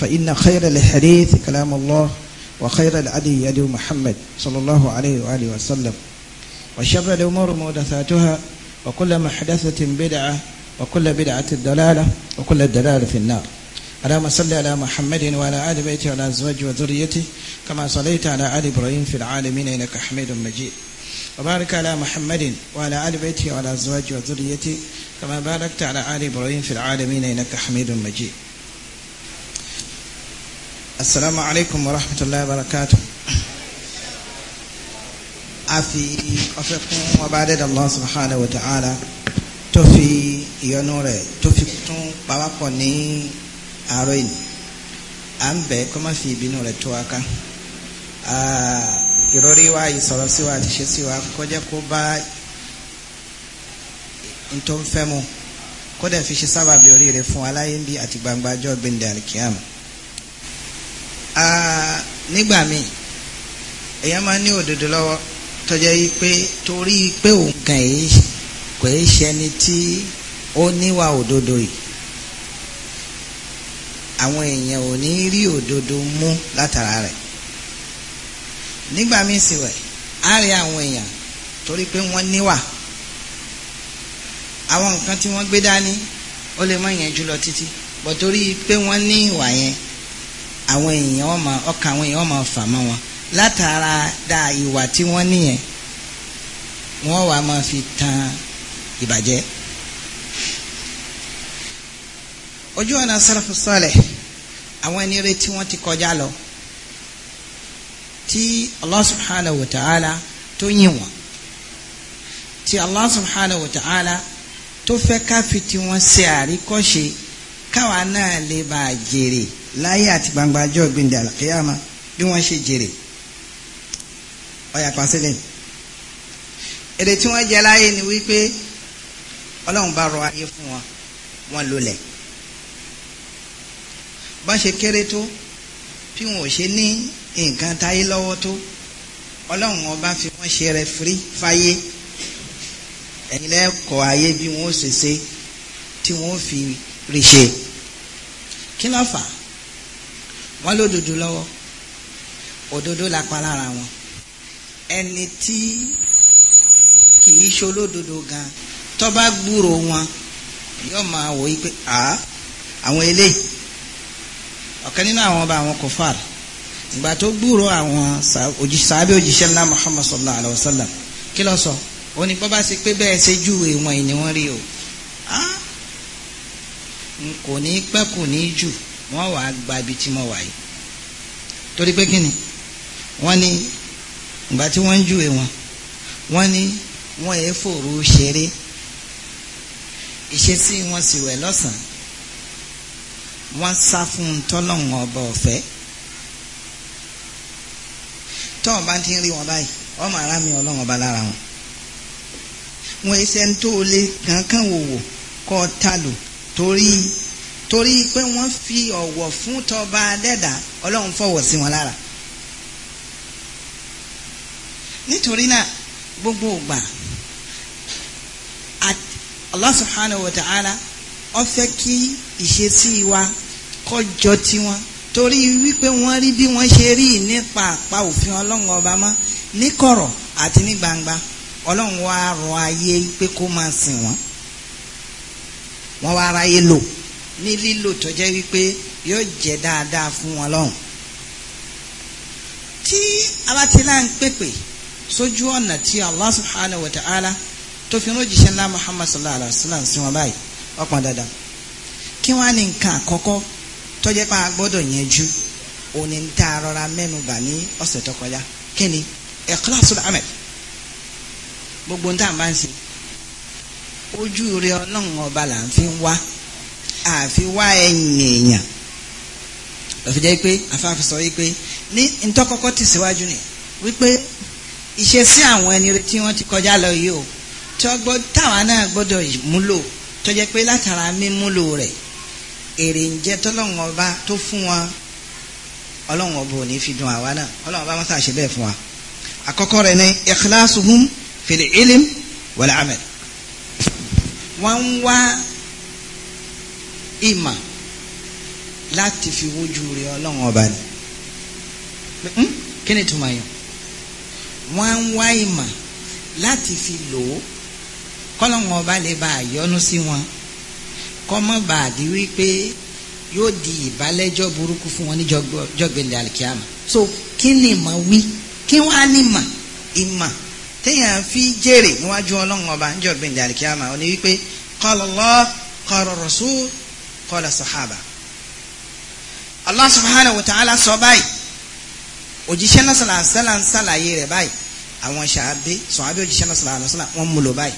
فإن خير الحديث كلام الله وخير العدي يد محمد صلى الله عليه وآله وسلم وشر الأمور محدثاتها وكل محدثة بدعة وكل بدعة الدلالة وكل الدلالة في النار اللهم صل على محمد وعلى آل بيته وعلى أزواجه وذريته كما صليت على آل إبراهيم في العالمين إنك حميد مجيد وبارك على محمد وعلى آل بيته وعلى أزواجه وذريته كما باركت على آل إبراهيم في العالمين إنك حميد مجيد السلام عليكم ورحمة الله وبركاته أفي أفقكم وبعد الله سبحانه وتعالى توفي ينور توفي كتون بواقوني أروين أمبي كما في بنور توكا ìrọ̀rí wa ìsọ̀rọ̀ sí wa àti ṣe sí wa kọjá kó bá n tó ń fẹ́ mu kó fi ṣe sábàbí oríire fún aláyé bí àti gbangba ọjọ́ gbẹ̀ndẹ̀ àlìkíyàmù nígbà míì èèyàn máa ní òdodo lọ́wọ́ tọ́jà yìí pé torí pé òun kàn yìí kò í ṣẹni tí ó níwà òdodo yìí àwọn èèyàn ò ní rí òdodo mú látara rẹ̀ nígbà míì sì wẹ̀ á rí àwọn èèyàn torí pé wọ́n níwà àwọn nǹkan tí wọ́n gbé dání ó lè má yẹn jù títí bọ̀ torí pé wọ́n ní ìwà yẹn àwọn èèyàn wọn máa ọkàn àwọn èèyàn wọn máa fà wọn látara da ìwà tí wọ́n nìyẹn wọ́n wàá máa fi tan ìbàjẹ́ ojú ọ̀nà sọ́rọ̀fù sọ́ọ̀lẹ̀ àwọn ẹni rẹ̀ tí ti kọjá lọ tí Allah subhanahu wa ta'ala tó yìn wọ́n tí Allah subhanahu wa ta'ala tó fẹ́ ká fi tiwọn ṣe àríkọ́ṣe káwa náà lè bá a jèrè láyé àti gbangba ọjọ́ gbìndé àlàkíyàmá bí wọ́n ṣe jèrè ọ̀yà pàṣẹlẹ̀ èrè tí wọ́n jẹ láyé ni wípé ọlọ́run bá rọ ayé fún wọn wọn lólẹ̀ bọ́n ṣe kéré tó bí wọn ò ṣe ní nǹkan táyé lọ́wọ́ tó ọlọ́run ọba fi wọ́n ṣe rẹfirí fáyé ẹ̀yin lẹ́kọ̀ọ́ ayé bí wọ́n ṣe ṣe tí wọ́n fi rí ṣe kí ló fà wọ́n lódodo lọ́wọ́ òdodo la pa lára wọn ẹni tí kì í ṣolódodo gan tó bá gbúrò wọn yóò máa wò yí pé àá àwọn eléyìí ọ̀kan nínú àwọn ọba àwọn kòfàr ìgbà tó gbúrò àwọn sàábé òjíṣẹ́ ńlá Muhammad sallallahu alayhi wa sallam kí ló sọ ó ní bọ́ bá ṣe pé bẹ́ẹ̀ ṣe júwe wọn ni wọ́n rí o kò ní pẹ́ kò ní jù wọ́n wàá gba ibi tí mo wà yìí torí pé kíni wọ́n ní ìgbà tí wọ́n ń júwe wọn wọ́n ní wọ́n ẹ̀ fòrò ṣeré ìṣesí wọn sì wẹ̀ lọ́sàn-án wọ́n sá fún tọ́lọ́hún ọba ọ̀fẹ́ tọ́wọ́n bá ti ń rí wọn báyìí ọmọ ara mi ọlọ́wọ́n ọba lára wọn wọn iṣẹ́ ń lé kankan wò wò kọ́ ọ ta lò torí torí pé wọ́n fi ọ̀wọ̀ fún tọba adẹ́dà ọlọ́run fọwọ́ sí wọn lára nítorí náà gbogbo ògbà Allah subhanahu wa ta'ala ó fẹ́ kí ìṣesí wa kọjọ tiwọn torí wípé wọ́n rí bí wọ́n ṣe rí nípa àpá òfin ọlọ́run ọba mọ́ ní kọ̀rọ̀ àti ní gbangba ọlọ́run wa rọ ayé pé kó máa sìn wọ́n. wọ́n wá aráyé lò ní lílò tó jẹ́ wípé yóò jẹ́ dáadáa fún wọn lọ́hùn. tí abatila ń pèpè sójú ọ̀nà tí Allah subhanahu wa ta'ala tó fi ránjíṣẹ́ ńlá Muhammad sallallahu alayhi wa sallam sí wọn báyìí ọ̀pọ̀ dandan kí wọ́n á ní nǹkan àkọ́kọ́ a gbọ́dọ̀ òní ń ta arọra mẹ́nu ní ọ̀sẹ̀ tó kọjá kí ni ikhlasul amal gbogbo ń tà ń ojú rẹ ọlọ́run ọba là ń fi wá àfi wá ẹ̀yìn èèyàn lọ́fíjà yìí pé afáfi sọ yìí pé ní ntọ́kọ́kọ́ ti síwájú ni wípé ìṣesí àwọn ẹni tí wọ́n ti kọjá lọ yìí o tí wọ́n gbọ́ táwa náà gbọ́dọ̀ múlò tó jẹ́ pé látara mímúlò rẹ̀ èrè ń jẹ́ tọ́lọ́run ọba tó fún wọn ọlọ́run ọba ò ní fi dùn àwa náà ọlọ́run ọba mọ́tà ṣe bẹ́ẹ̀ fún wa àkọ́kọ́ rẹ̀ ni ikhlasuhum fil ilm wal amal wọ́n ń wá ìmọ̀ láti fi wójú rẹ ọlọ́run ọba ni hmm? kí ni tuma yàn wọ́n ń wá ìmọ̀ láti fi lò ó kọ́lọ́run ọba lè bá àyọ́nú sí wọn kọ́mọ́ bá a di wípé yóò di ìbálẹ́jọ́ burúkú fún wọn ní jọgbẹ́lẹ̀ alikiyama so kí ni ìmọ̀ wí kí wọ́n á ní ìmọ̀ ìmọ̀ téèyàn fi jèrè níwájú ọlọ́run ọba níjọ́ gbẹ̀ǹdé àlìkíyàmà ó ní wípé qala Allah qala rasul qala sahaba Allah subhanahu wa ta'ala sọ báyìí òjíṣẹ́ náà sọ̀rọ̀ àṣàlà ń ṣàlàyé rẹ̀ báyìí àwọn ṣàbẹ́ sọ̀hábẹ́ òjíṣẹ́ náà sọ̀rọ̀ àṣàlà wọ́n mú lò báyìí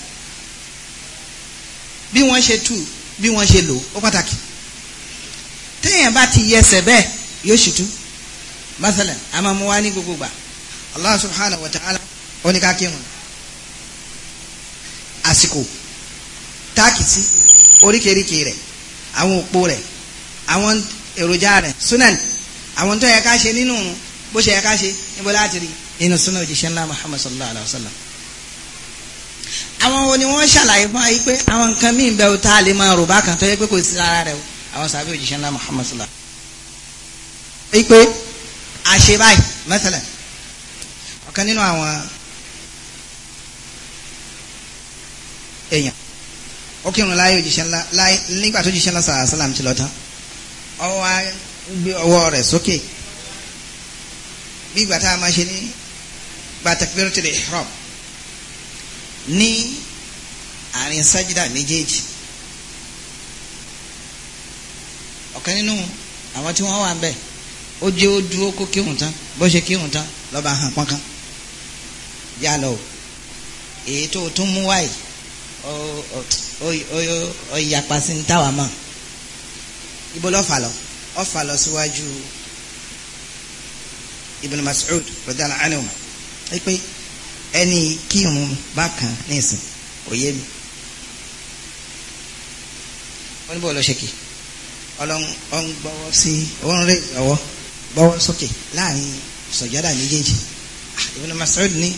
bí wọ́n ṣe tú bí wọ́n ṣe lò ó pàtàkì téèyàn bá ti yẹsẹ̀ bẹ́ẹ̀ yóò ṣì tú masalan a máa mú wá ní gbogbo gbà Allah subhanahu wa ta'ala ó ní ká kírun àsìkò táàkìtì oríkèéríkèé rẹ̀ àwọn òpó rẹ̀ àwọn èròjà rẹ̀ sunan àwọn tó yẹ ká ṣe nínú bó ṣe yẹ ká ṣe níbo láti rí inú sunan òjíṣẹ́ ńlá muhammad sallallahu alayhi wa sallam àwọn wo ni wọ́n ṣàlàyé fún ayé pé àwọn nǹkan míì bẹ́ẹ̀ o tá a lè máa rò bá kan tó yẹ pé kò sí ara rẹ̀ o àwọn sàbẹ̀ òjíṣẹ́ ńlá muhammad sallallahu alayhi wa sallam. pé àṣe báyìí mẹ́sàlẹ̀ ọ̀kan nínú àwọn èèyàn ó kírun láyé òjíṣẹ́ ńlá láyé nígbà tó jíṣẹ́ ńlá sàlám ti lọ tán ó wá gbé ọwọ́ rẹ̀ sókè bí ìgbà tá a máa ṣe ní takbiratul ihram ní àárín sájídà méjèèjì ọ̀kan nínú àwọn tí wọ́n wà ń bẹ̀ ó jẹ́ ó dúró kó kírun tán bó ṣe kírun tán lọ́ba hàn pọ́nkán yálọ o èyí tó tún mú wáyìí ọ̀yàpá sí ń táwa mọ̀ ibo ló fà lọ ó fà lọ síwájú Ibn Mas'ud radiyallahu anhu ẹ pé ẹni kírun bákan ní ìsìn òye mi wọ́n ní bọ́ọ̀ lọ ṣe kì ọlọ́n gbọ́wọ́ sí wọ́n rẹ̀ ọwọ́ gbọ́wọ́ sókè láàrin sọ̀jọ́dà méjèèjì ah, Ibn Mas'ud ní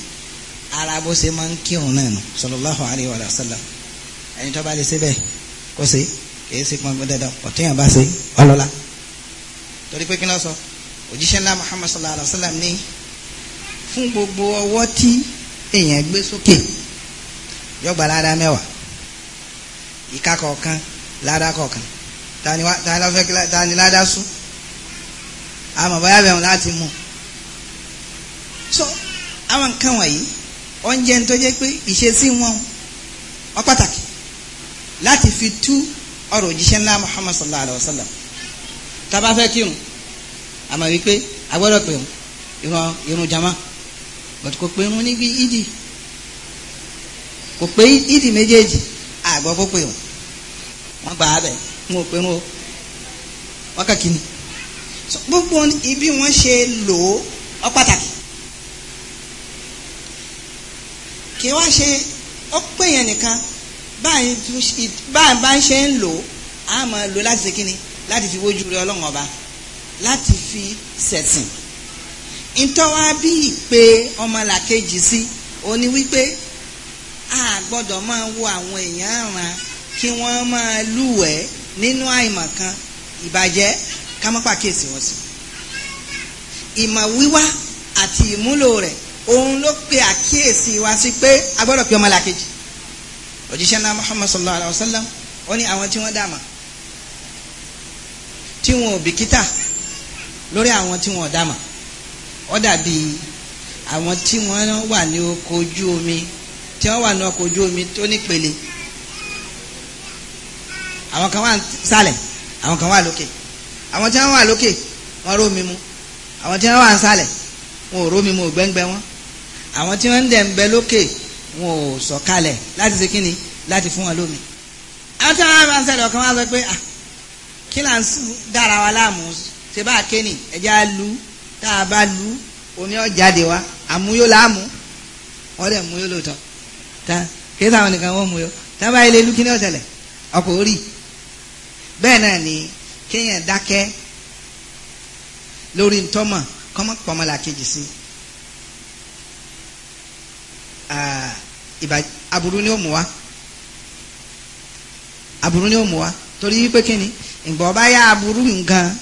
ara bó ṣe máa ń kírun náà nù sallallahu alayhi wa sallam ẹni tó bá lè ṣe bẹ́ẹ̀ kó ṣe kì í ṣe pọn dandan ọ̀tíyàn bá ṣe ọlọ́lá torí pé kí náà sọ òjíṣẹ́ ńlá Muhammad sallallahu alayhi wa sallam ní fún gbogbo ọwọ́ tí èèyàn gbé sókè yọgbà ládàá mẹ́wàá ìka kọ̀ọ̀kan ládàá kọ̀ọ̀kan tani wa tani lọ́fẹ́ tani ládàá sùn àmọ̀ báyà bẹ̀rù láti mú so àwọn nǹkan wọ̀nyí oúnjẹ tó jẹ́ pé ìṣesí wọn ó pàtàkì láti fi tú ọ̀rọ̀ òjíṣẹ́ ńlá Muhammad sallallahu alayhi wa sallam tá bá fẹ́ kírun àmọ́ wípé agbọ́dọ̀ pé irun irun jama bàtú kò pé irun níbi ìdì kò pé ìdì méjèèjì àgbọ̀ kó pé irun wọ́n gbà á bẹ̀ wọn pé irun o wákàkí ni gbogbo ibi wọ́n ṣe lò ó ó pàtàkì. kì í wá ṣe ó pè yẹn nìkan báà ń ṣe ń lò á máa lò láti ṣe kíni láti fi wójú rẹ ọlọ́run ọba láti fi ṣẹ̀sìn ìtọ́wá bí ìpè ọmọlàkejì sí òní wípé a gbọ́dọ̀ máa wo àwọn èèyàn àràn kí wọ́n máa lúwẹ̀ẹ́ nínú àìmọ̀kan ìbàjẹ́ ká má pàkíyèsí wọn sí ìmọ̀ wíwá àti ìmúlò rẹ̀ òun ló pe àkíyèsí wa sí pé a gbọ́dọ̀ pe ọmọlàkejì òjíṣẹ́ náà Muhammad sallallahu alayhi wa sallam ó ní àwọn tí wọ́n dàmà tí wọn ò bìkítà lórí àwọn tí wọn ò dàmà ó dàbí àwọn tí wọ́n wà ní ọkọ̀ ojú omi tí wọ́n wà ní ọkọ̀ ojú omi tó nípele àwọn kan wà sálẹ̀ àwọn kan wà lókè àwọn tí wọ́n wà lókè wọ́n rómi mu àwọn tí wọ́n wà sálẹ̀ wọn rómi mu gbẹ́ngbẹ́ wọn àwọn tí wọ́n ń dẹ̀ ń bẹ lókè wọn ò sọ̀kalẹ̀ láti ṣe kíni láti fún wọn lómi àwọn tí wọ́n bá ń sẹ̀dọ̀ kan wá sọ pé kí là ń dára wa láàmú ṣe bá a ké nì ẹ̀jẹ̀ lu tá a bá lu oní ọ̀jáde wa àmúyó láàmú wọ́n dẹ̀ múyó lóòótọ́ tá kí sáwọn nìkan wọ́n múyó tá bá ilé lu kí ni ọ̀sẹ̀lẹ̀ ọkọ̀ orí bẹ́ẹ̀ náà ni kéèyàn dákẹ́ lórí ntọ́mọ̀ kọ́mọ́ pọ́nmọ́lá kejì sí i Ah, aburú ni ó mú wa aburú ni ó mú wa torí wípé kíni ìgbà ọba yá aburú nǹkan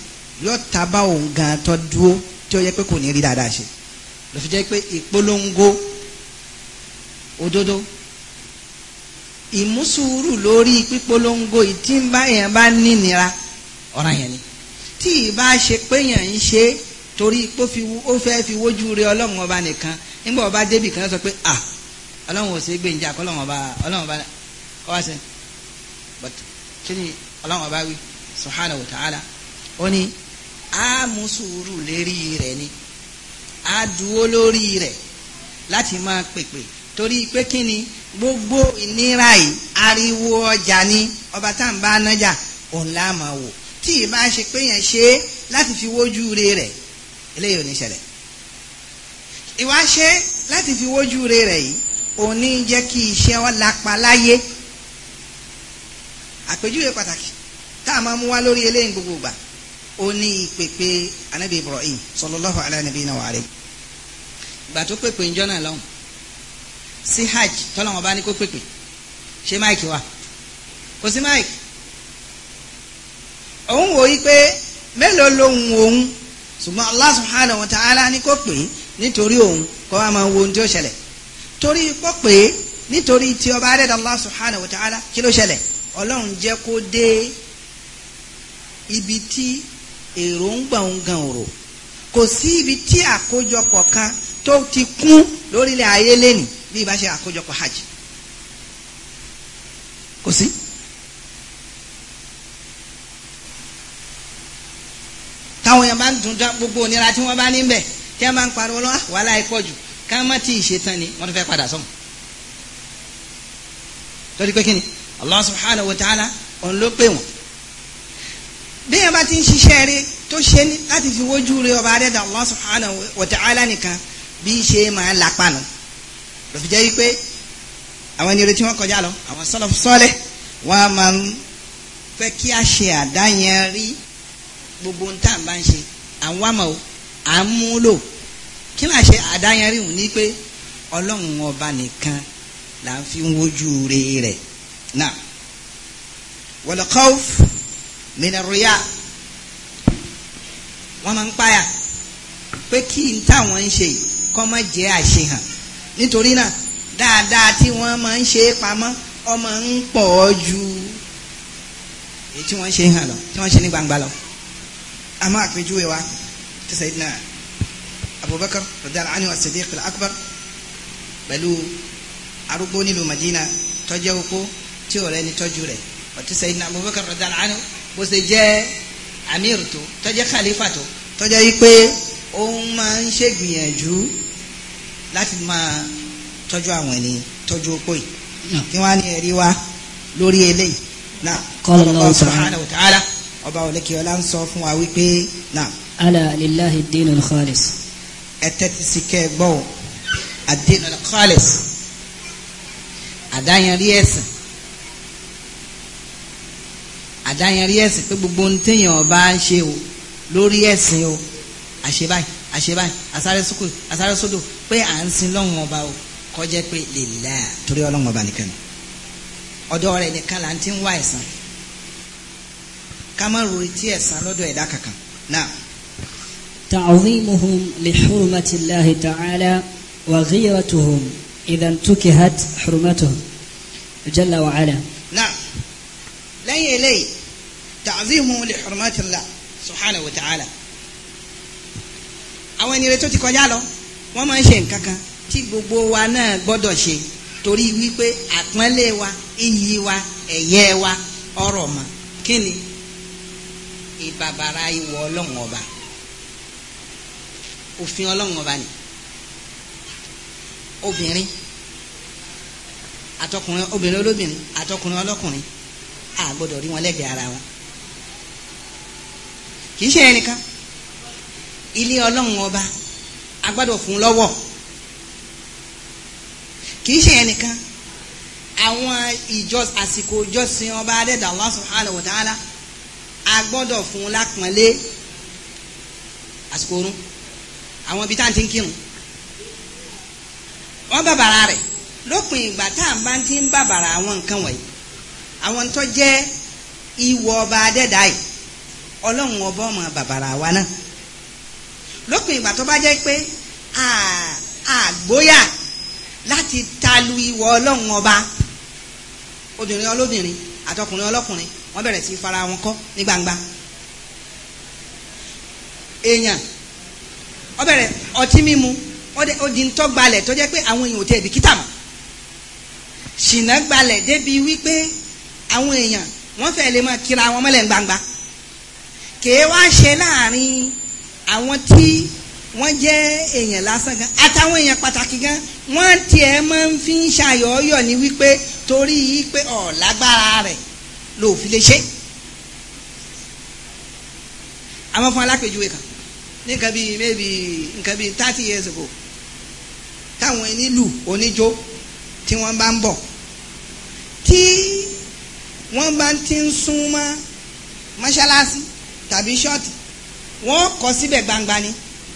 yóò taba òun gan tó dúró tí ó yẹ pé kò ní rí dáadáa ṣe ló fi jẹ́ pé ìpolongo òdodo ìmúsùúrù lórí pípolongo ìtí èèyàn bá nínira ọ̀ràn yẹn ni tí ìbá ṣe pé èèyàn ń ṣe torí pé ó fẹ́ fi wójú rẹ ọlọ́run ọba nìkan nígbà ọba débì kan sọ pé ah ọlọ́run ò sí gbèǹjà kọ́ ọlọ́run ọba ọlọ́run ọba kọ́ wá sí but kí ni ọlọ́run ọba wí subhanahu wa ta'ala ó ní a mú sùúrù lérí rẹ̀ ni a dúró lórí rẹ̀ láti máa pèpè torí pé kí ni gbogbo ìnira yìí ariwo ọjà ni ọba tá n bá nájà òun la máa wò tí ì bá ṣe pé yẹn ṣe láti fi wójú re rẹ̀ eléyìí ò ní ṣẹlẹ̀ ìwà ṣe láti fi wójú re rẹ̀ yìí òun ní jẹ́ kí iṣẹ́ wọn lápa láyé àpèjúwe pàtàkì tá a máa mú wá lórí eléyìí gbogbo ìgbà ó ìpèpè anabi ibrahim sallallahu ala nabiyina wa alayhi ìgbà tó pèpè ńjọ́ náà lọ́hùn sí hajj tọ́lọ́wọ́n bá ní kó pèpè ṣé máìkì wà kò sí máìkì òun wò yí pé mélòó lòun òun ṣùgbọ́n Allah subhanahu wa ta'ala ní kó pè é nítorí òun kó wá máa wo ohun tí ó ṣẹlẹ̀ torí pọ́ pé nítorí tí ọba adẹ́dàá Allah subhanahu wa ta'ala kí ló ṣẹlẹ̀ ọlọ́run jẹ́ kó dé ibi tí èròǹgbà ń gan òrò kò sí ibi tí àkójọpọ̀ kan tó ti kún lórílẹ̀ ayé lẹ́nìí bí ibà ṣe àkójọpọ̀ hajj kò sí. táwọn yẹn bá ń dundun gbogbo onira tí wọ́n bá ní bẹ̀ tí wọ́n bá ń pariwo lọ́wọ́ wàhálà ẹ̀ pọ̀ jù ká má tí ì ṣe tán ni wọ́n tún fẹ́ padà sọ́hùn torí pé kí ni Allah subhanahu wa ta'ala òun ló pè wọ́n bí yẹn bá ti ń ṣiṣẹ́ rẹ tó ṣe ní láti fi wójú rẹ ọba adẹ́dà Allah subhanahu wa ta'ala nìkan bí ṣe máa ń lapa nù lọ́fi jẹ́ wípé àwọn ẹni retí wọn kọjá lọ àwọn sọlọ́fù sọ́lẹ̀ wọn a máa ń fẹ́ kí a ṣe àdáyẹn rí gbogbo ń bá ń ṣe à ń wá à ń mú lò kí náà ṣe àdáyẹrìhùn ní pé ọlọ́run ọba nìkan là ń fi wojú re rẹ̀ náà wọlọ́kọ́f mìnàrúyà wọ́n máa ń páyà pé kí n táwọn ń ṣe kọ́ má jẹ́ àṣehàn nítorí náà dáadáa tí wọ́n máa ń ṣe é pamọ́ ọmọ ń pọ̀ ju èyí tí wọ́n ṣe hàn lọ tí wọ́n ṣe ní gbangba lọ. àmọ́ àpèjúwe wa tẹ̀sán náà abubakar rọdíàlá anhu as-siddiq al-akbar pẹ̀lú arúgbó nílùú madina tọ́jú oko tí ọ̀rẹ́ ni tọ́jú rẹ̀ ọtí sẹ́yìn náà abubakar rọdíàlá anhu bó ṣe jẹ́ amir tó tọ́jú khalifa tó tọ́jú yìí pé òun máa ń ṣègbìyànjú láti máa tọ́jú àwọn ẹni tọ́jú oko yìí kí wọ́n á ní ẹ̀rí wa lórí eléyìí náà kọ́ńtà Allah wa ta'ala ọba òlẹ́kẹ̀ọ́lá ń sọ fún wa wípé náà. ala lillahi ad-din ẹ tẹ́tí sí kẹ́ ẹ gbọ́ o àdéhùn al-khalis àdáyanrí ẹ̀sìn àdáyanrí ẹ̀sìn pé gbogbo ohun téèyàn bá ń ṣe o lórí ẹ̀sìn o àṣebáyìí àṣebáyìí asárésókò asárésódò pé à ń sin lọ́hùn ọba o kọjá pé lèlá torí ọlọ́hùn ọba nìkan ni ọ̀dọ̀ rẹ̀ nìkan là ń ti ń wá ẹ̀san ká má retí ẹ̀san lọ́dọ̀ kankan náà. تعظيمهم لحرمة الله تعالى وغيرتهم إذا انتكهت حرمتهم جل وعلا نعم لا يلي تعظيمهم لحرمات الله سبحانه وتعالى àwọn ènìyàn tó ti kọjá lọ wọ́n máa ń ṣe nǹkan tí gbogbo wa náà gbọ́dọ̀ ṣe torí wípé àpọ́nlé wa iyì wa ẹ̀yẹ wa ọ̀rọ̀ mọ́ kí ni ìbàbàrà ìwọ ọlọ́run ọba òfin ọlọ́run ọba ni obìnrin àtọkùnrin obìnrin olóbìnrin àtọkùnrin ọlọ́kùnrin a gbọ́dọ̀ rí wọn lẹ́gbẹ̀ẹ́ ara wọn kì í ṣe ẹnìkan ilé ọlọ́run ọba a gbọ́dọ̀ fún lọ́wọ́ kì í ṣe ẹnìkan àwọn ìjọ àsìkò ìjọsìn ọba adẹ́dàá Allah subhanahu wa fún lápọ̀nlé àsìkò orun àwọn ibi tá à ń ti ń kírun wọ́n bàbàrà rẹ̀ lópin ìgbà tá à ń bá ti ń bàbàrà àwọn nǹkan wọ̀nyí àwọn tó jẹ́ ìwọ ọba adẹ́dá yìí ọlọ́run ọba ọmọ bàbàrà wa náà lópin ìgbà tó bá jẹ́ pé àgbóyà láti talu ìwọ ọlọ́run ọba obìnrin olóbìnrin àtọkùnrin ọlọ́kùnrin wọ́n bẹ̀rẹ̀ sí fara wọn kọ́ ní gbangba èèyàn ó bẹ̀rẹ̀ ọtí mímu ó di ntọ́ gbalẹ̀ tó jẹ́ pé àwọn èèyàn ò tẹ̀ bìkítà mọ́ ṣìnà gbalẹ̀ débi wípé àwọn èèyàn wọ́n fẹ́ lè máa kíra wọn mọ́lẹ̀ gbangba kèé wá ṣe láàrin àwọn tí wọ́n jẹ́ èèyàn lásán gan àtàwọn èèyàn pàtàkì gan wọ́n tiẹ̀ máa ń fi ń ṣàyọ̀ọ́yọ̀ ní wípé torí pé ọ̀ lágbára rẹ̀ ló lè ṣe àwọn fún alápèjúwe kan ní nǹkan bíi maybe nǹkan bíi thirty years ago táwọn onílù oníjó tí wọ́n bá ń bọ̀ tí wọ́n bá ti ń sún mọ́ mọ́ṣáláṣí tàbí ṣọ́ọ̀tì wọ́n kọ síbẹ̀ gbangba ni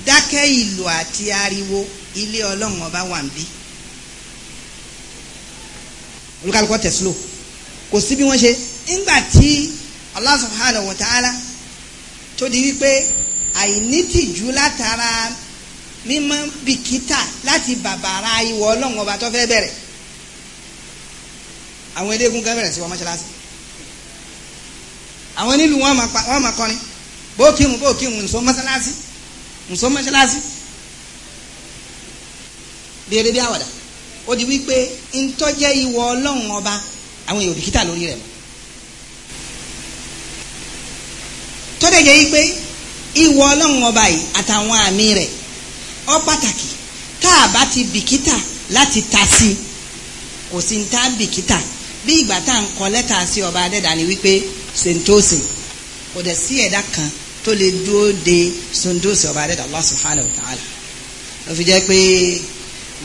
dákẹ́ ìlú àti ariwo ilé ọlọ́run ọba wà ń bí olùkàlùkọ́ tẹ̀sílò kò sí bí wọ́n ṣe ńgbà tí Allah subhanahu wa ta'ala tó di wípé àìnítìjú látara mímọ́ bìkítà láti bàbàrà ìwọ ọlọ́run ọba tó fẹ́ bẹ̀rẹ̀ àwọn eléégún kan bẹ̀rẹ̀ sí wọn mọ́ṣáláṣí àwọn nílùú wọn máa kọrin bó kírun bó kírun nsọ mọ́ṣáláṣí nsọ mọ́ṣáláṣí béèrè bí àwàdà ó di wípé ntọ́jẹ́ ìwọ ọlọ́run ọba àwọn èèyàn bìkítà lórí rẹ̀ mọ́ tọ́jà jẹ́ wípé ìwọ ọlọ́run ọba yìí àtàwọn àmì rẹ̀ ọ pàtàkì tá a bá ti bìkítà láti ta sí kò sí ta bìkítà bí ìgbà tá à ń kọ lẹ́tà sí ọba adẹ́dà wípé sentosi kò dẹ̀ sí ẹ̀dá kan tó lè dúró de sentosi ọba adẹ́dà Allah subhanahu wa ta'ala ló fi jẹ́ pé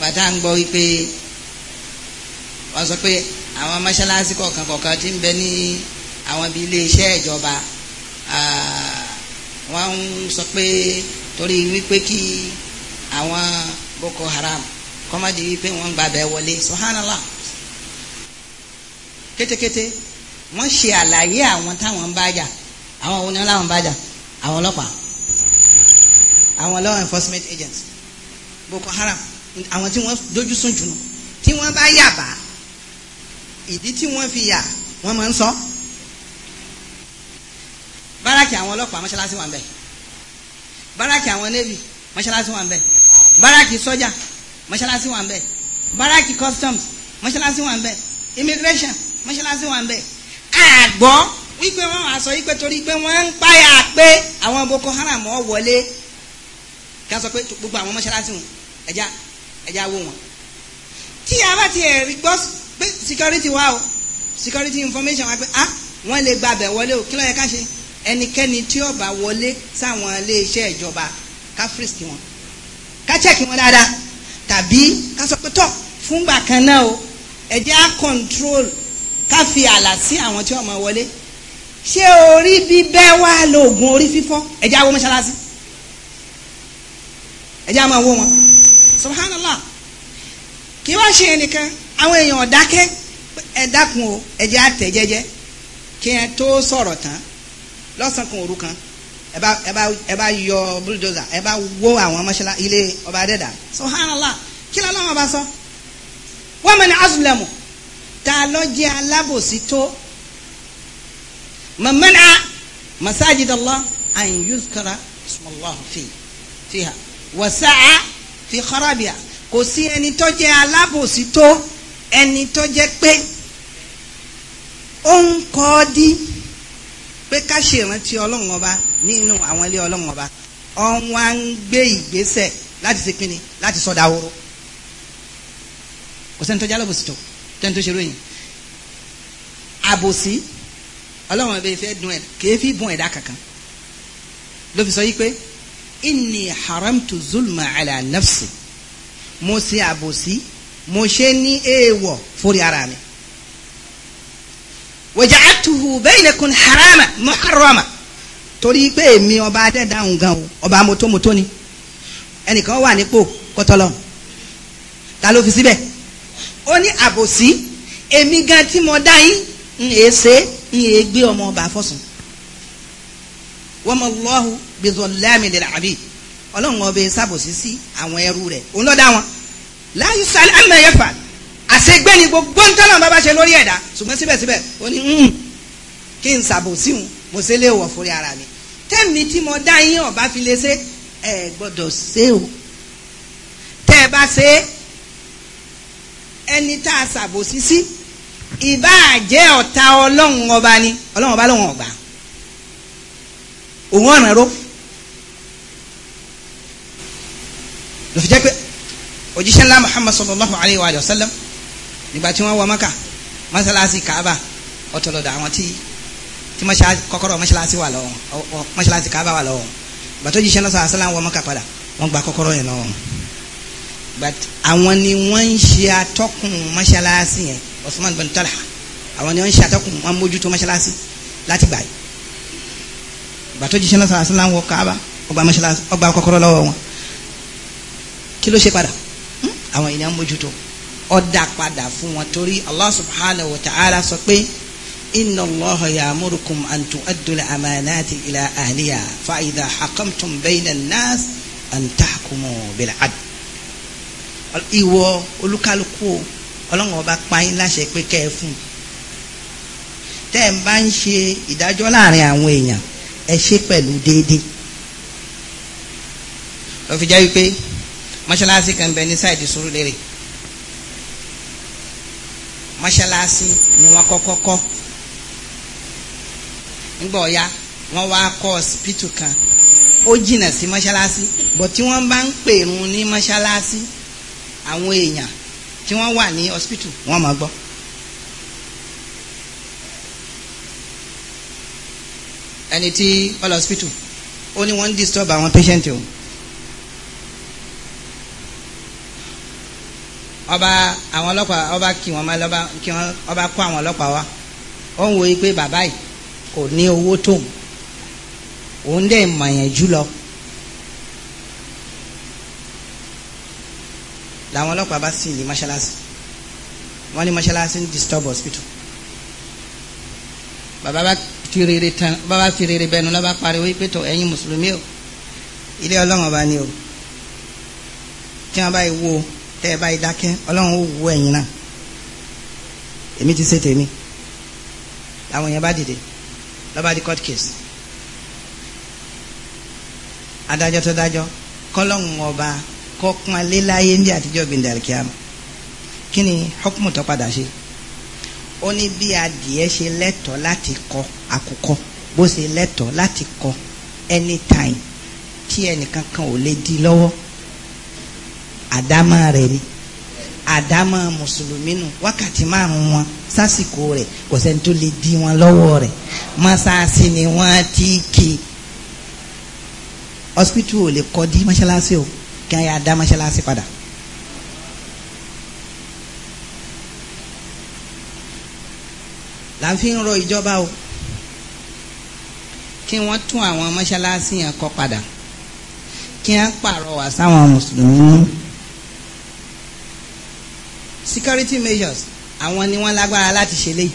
bàtà ń gbọ́ wípé wọ́n sọ pé àwọn mọ́ṣáláṣí kọ̀ọ̀kan kọ̀ọ̀kan ti ń bẹ ní àwọn ibi ilé ìjọba. Uh, wọ́n ń sọ pé torí wípé kí àwọn Boko Haram kọ́mọ́dé wípé wọ́n ń gbàbẹ̀ wọlé subhanallah kétékété wọ́n ṣe àlàyé àwọn táwọn ń bá jà àwọn òun náà làwọn ń bá jà àwọn ọlọ́pàá àwọn law enforcement agents Boko Haram àwọn tí wọ́n dojú sùn jùlọ tí wọ́n bá yàbá ìdí tí wọ́n fi yà wọ́n máa ń sọ. So báràkì àwọn ọlọ́pàá mọ́ṣáláṣí wà ń bẹ̀ báràkì àwọn navy mọ́ṣáláṣí wà ń bẹ̀ báràkì sọ́jà mọ́ṣáláṣí wà ń bẹ̀ báràkì customs mọ́ṣáláṣí wà ń bẹ̀ immigration mọ́ṣáláṣí wà ń bẹ̀ àgbọ̀ wípé wọ́n wàá sọ wípé torí pé wọ́n ń páyà pé àwọn boko haram ọ̀ wọlé ká sọ pé gbogbo àwọn mọ́ṣáláṣí wọn ẹja ẹja wó wọn tí a bá tiẹ̀ rí gbọ́ security wà o security information wa pé ah wọ́n lè gbàbẹ̀ wọlé o kí ló ká ṣe ẹnikẹ́ni tí ó bá wọlé sáwọn iléeṣẹ́ ìjọba ká frisk wọn ká chẹ́kì wọn dáadáa tàbí ká sọ pé tọ́ fúngbà kan náà o ẹ jẹ́ á control ká fi àlà sí àwọn tí wọ́n máa wọlé ṣé orí bíbẹ́ wà lóògùn orí fífọ́ ẹ jẹ́ á mọ́ṣáláṣí ẹ jẹ́ á máa wọ wọn subhanallah kí wọ́n ṣe ẹnìkan àwọn èèyàn ọ̀dákẹ́ ẹ dákun o ẹ jẹ́ á kí ẹ tó sọ̀rọ̀ tán lọ́sàn kan òru kan ẹ bá ẹ bá ẹ bá yọ bulldozer ẹ bá wó àwọn mọ́ṣálá ilé ọba adẹ́dà subhanallah kí ló lọ́wọ́ bá sọ wọ́n mọ̀ ní azulẹ̀mù ta ló jẹ́ alábòsí tó mọ̀mọ́nà masajidallah an yuzkara bismillah fi fiha wasa'a fi kharabiha kò sí ẹni tó jẹ́ alábòsí tó ẹni tó jẹ́ pé ó ń kọ́ dín pé ká ṣe ìrántí ọlọ́run ọba nínú àwọn ilé ọlọ́run ọba ọ̀hún wa ń gbé ìgbésẹ̀ láti ṣe pinni láti sọdá oró kò sẹ́ni tó jálọ̀ bòsì tó tẹ́ni tó ṣe ròyìn àbòsí ọlọ́run ọba ìfẹ́ dùn ẹ̀ kìí fi bùn ẹ̀dá kankan ló fi sọ yìí pé inni haramtu zulma ala nafsi mo ṣe àbòsí mo ṣe ní èèwọ̀ fórí ara mi waja'atuhu bainakum harama muharrama torí pé èmi ọba adẹ́dáhùn gan o ọba motomoto ni ẹnìkan wà nípò kọtọlọ ta ló fi síbẹ̀ ó ní àbòsí èmi gan tí mo dá yín ń èsè ń ègbé ọmọ ọba àfọ̀sùn wamallahu bizallami lil abid ọlọ́run ọba sábòsí sí àwọn ẹrú rẹ̀ òun ló dá wọn la yus'al amma yaf'al àṣegbé ni gbogbo ntọ́nà bàbá ṣe lórí ẹ̀dá ṣùgbọ́n síbẹ̀síbẹ̀ ó ní hmm, kí n ṣàbòsí òun mo ṣe lé wọ̀ fúri ara mi tẹ́mi tí mo dá yín ọ̀bá fi lè ṣe ẹ gbọ́dọ̀ ṣe o tẹ́ ẹ bá ṣe ẹni tá a ṣàbòsí sí ìbá jẹ́ ọ̀tá ọlọ́run ọba ni ọlọ́run ọba lọ́wọ́n ọ̀gbà òun ọ̀ràn ró lọ́fi jẹ́ pé òjíṣẹ́ ńlá Muhammad sallallahu alayhi wa sallam ìgbà tí wọ́n wọ mọ́kà mọ́ṣáláṣí kaaba ọ̀tọ̀lọ̀dọ̀ àwọn tí tí kọ́kọ́rọ́ mọ́ṣáláṣí wà lọ́wọ́ mọ́ṣáláṣí kaaba wà lọ́wọ́ ìgbà tó jíṣẹ́ lọ́sọ̀ àṣálà wọ mọ́kà padà wọ́n gba kọ́kọ́rọ́ yẹn lọ́wọ́ but àwọn ni wọ́n ń ṣe atọ́kùn mọ́ṣáláṣí yẹn Osman bin Talha àwọn ni wọ́n ń ṣe atọ́kùn wọn mójútó mọ́ṣáláṣí láti gbà yìí ìgbà tó jíṣẹ́ lọ́sọ̀ àṣálà wọ kaaba ọgbà mọ́ṣáláṣí ọgbà kọ́kọ́rọ́ lọ́wọ́ wọn kí ló ṣe padà hmm? àwọn ènìyàn mójútó ọ̀dà padà fún wọn torí allah subhanahu wa ta'ala sọ pé inna allaha ya'murukum an tu'addul amanati ila ahliha fa idha hakamtum bayna an-nas an tahkumu bil 'adl. ìwọ olúkálukú ọlọ́run ọba pààyàn láṣẹ pé kẹ́ ẹ fún un. tẹ́ ẹ̀ ń bá ń ṣe ìdájọ́ láàrin àwọn èèyàn ẹ ṣe pẹ̀lú déédéé. lọ́ọ́ wípé mọ́ṣáláṣí kan bẹ ní sáìdì Surulere mọ́ṣáláṣí ni wọ́n kọ́kọ́ kọ́ nígbà ọ̀ya wọ́n wá kọ́ ọ̀sìpìtù kan ó jìnà sí mọ́ṣáláṣí bọ̀ tí wọ́n bá ń pèrun ní mọ́ṣáláṣí àwọn èèyàn tí wọ́n wà ní ọ̀sìpìtù wọ́n máa gbọ́. ẹni tí ó lọ ọ̀sìpìtù ó ní wọ́n ń disturb àwọn patient òun ọba àwọn ọlọ́pàá ọba kí wọ́n máa lọ́ba kí wọ́n ọba kó àwọn ọlọ́pàá wa ó ń wo yí pé bàbá yìí kò ní owó tó òun dẹ̀ mọ̀yàn jùlọ làwọn ọlọ́pàá bá sì ní mọ́ṣáláṣí wọ́n ní mọ́ṣáláṣí ń disturb hospital bàbá bá fi rere tan bàbá fi rere bẹnu lọ́ba pariwo pé tó ẹ̀yin mùsùlùmí o ilé ọlọ́run ọba ni o tí wọ́n bá yìí wo tẹ́ ẹ báyìí dákẹ́ ọlọ́run ó wú ẹ̀yin náà èmi ti ṣe tèmi làwọn yẹn bá dìde lọ́ba di court case adájọ́ tó dájọ́ kọ́lọ́hún ọba kọ́kún aléláyé ní àtijọ́ gbìndàlì kí ni hukumu tó padà ṣe ó ní bí adìẹ ṣe lẹ́tọ̀ọ́ láti kọ àkùkọ bó ṣe lẹ́tọ̀ọ́ láti kọ anytime tí ẹnìkan kan ò lè di lọ́wọ́ àdámọ́ rẹ̀ ni àdámọ́ mùsùlùmí nù wákàtí márùn wọn sásìkò rẹ̀ kò sẹ́ni tó lè di wọn lọ́wọ́ rẹ̀ mọ́sáàsì ni wọ́n ti kì í hospital ò lè kọ́ di mọ́ṣáláṣí o kí wọ́n yà dá mọ́ṣáláṣí padà. là ń fi ń rọ ìjọba o kí wọ́n tún àwọn mọ́ṣáláṣí yẹn kọ́ padà kí wọ́n pàrọwà sáwọn mùsùlùmí nù security measures àwọn ni wọ́n lágbára láti ṣe léyìí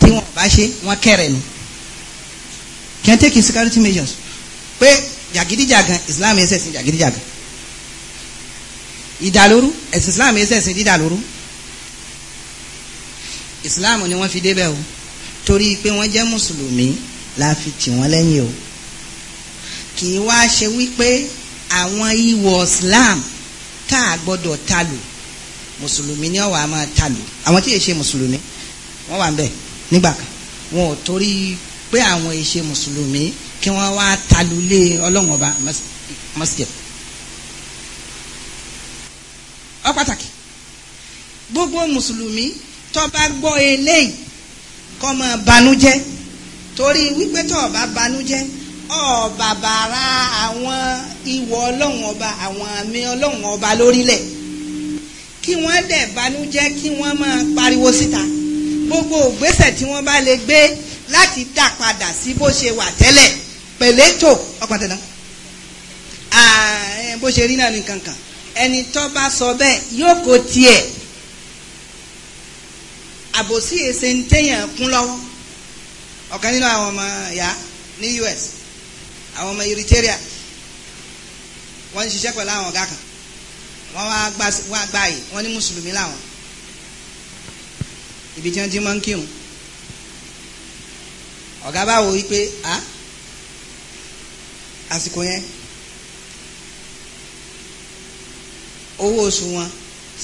tí wọ́n bá ṣe wọ́n kẹ̀rẹ̀ ni can take security measures pé jàgídíjàgan Islam ẹsẹ̀ sí jàgídíjàgan ìdàlóru ẹ̀sìn Islam ẹsẹ̀ sí dídàlóru Islam ni wọ́n fi débẹ̀ o torí pé wọ́n jẹ́ mùsùlùmí la fi tì wọ́n lẹ́yìn o kì í wá ṣe wípé àwọn ìwọ̀ Islam tá a gbọ́dọ̀ ta lò mùsùlùmí ni ọ̀wà máa ta lù àwọn tí yẹ ṣe mùsùlùmí wọ́n wà ń bẹ̀ nígbà kan wọn ò torí pé àwọn yẹ ṣe mùsùlùmí kí wọ́n wá ta lù lé ọlọ́run ọba masjid ọ pàtàkì gbogbo mùsùlùmí tó bá gbọ́ eléyìí kó má banújẹ́ torí wípé tó bá banújẹ́ ọ̀bàbàrà àwọn ìwọ ọlọ́run ọba àwọn àmì ọlọ́run ọba lórílẹ̀ kí wọ́n dẹ̀ banújẹ́ kí wọ́n máa pariwo síta gbogbo ògbésẹ̀ tí wọ́n bá lè gbé láti dá padà sí bó ṣe wà tẹ́lẹ̀ pẹ̀lẹ́tò ọkàn tẹ̀lé bó ṣe rí náà ní kankan ẹni tó bá sọ bẹ́ẹ̀ yóò kó tiẹ̀ àbòsí èsè ń téèyàn kún lọ́wọ́ ọ̀kan nínú àwọn ọmọ ìyá ní US àwọn ọmọ Eritrea wọ́n ń ṣiṣẹ́ pẹ̀lú àwọn ọ̀gá kan wọ́n wá gbà wá gbà yìí wọ́n ní mùsùlùmí làwọn ibi tí wọ́n ti máa ń kírun ọ̀gá bá wò wípé a àsìkò yẹn owó oṣù wọn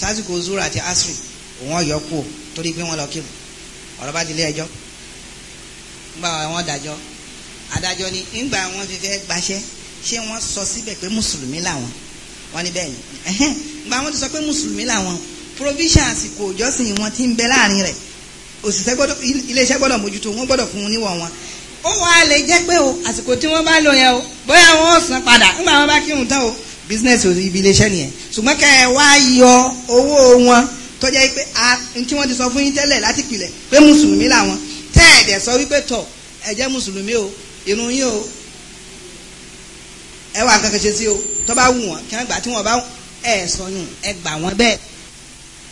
sásìkò zura àti asri òun ọ̀yọ́ kú o torí pé wọ́n lọ kírun ọ̀rọ̀ bá dilé ẹjọ́ ńgbà wọn dájọ́ adájọ́ ni ńgbà wọn fi fẹ́ gbaṣẹ́ ṣé wọ́n sọ síbẹ̀ pé mùsùlùmí làwọn wọ́n ní bẹ́ẹ̀ ni gba wọn ti sọ pé mùsùlùmí làwọn provision àsìkò ìjọsìn wọn ti ń bẹ láàrin rẹ̀ òṣìṣẹ́ gbọ́dọ̀ iléeṣẹ́ gbọ́dọ̀ mójútó wọn gbọ́dọ̀ fún un níwọ̀ wọn ó wàá lè jẹ́ pé o àsìkò tí wọ́n bá lò yẹn o bóyá wọn ò san padà nígbà wọn bá kírun tán o business ibi iléeṣẹ́ nìyẹn ṣùgbọ́n kẹ́ ẹ wá yọ owó wọn tó jẹ́ pé a tí wọ́n ti sọ fún yín tẹ́lẹ̀ láti pìlẹ̀ pé mùsùlùmí làwọn tẹ́ ẹ̀ dẹ̀ sọ wípé tọ̀ ẹ jẹ́ mùsùlùmí o ìrun yín o ẹ wà kankan ṣe sí o tó bá wù wọ́n kí wọ́n gbà tí wọ́n bá ẹ̀ sọyún ẹ gbà wọ́n bẹ́ẹ̀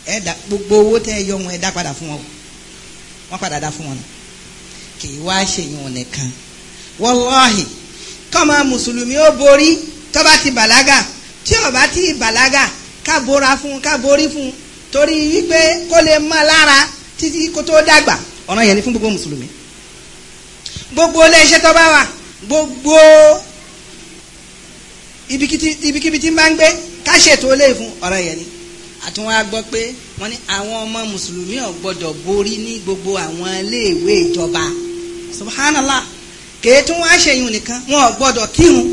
ẹ dá gbogbo owó tẹ́ ẹ yọ wọn ẹ dá padà fún wọn o wọ́n padà dá fún wọn nù kì í wá ṣèyún nìkan wọ́láhì kọ́mọ mùsùlùmí ó borí tó bá ti bàlágà tí ò bá ti bàlágà ká bora fún ká borí fún torí wípé kó lè mọ́ lára títí kó tó dàgbà ọ̀nà yẹn ni fún gbogbo mùsùlùmí gbogbo ilé iṣẹ́ tó bá wà gbogbo ibikíbi tí ń bá ń gbé ká ṣètò ilé fún ọ̀rọ̀ yẹn ni àtúnwá gbọ́ pé wọ́n ní àwọn ọmọ mùsùlùmí ò gbọ́dọ̀ borí ní gbogbo àwọn iléèwé ìjọba subhanallah kèétún wá ṣèyún nìkan wọn ò gbọ́dọ̀ kírun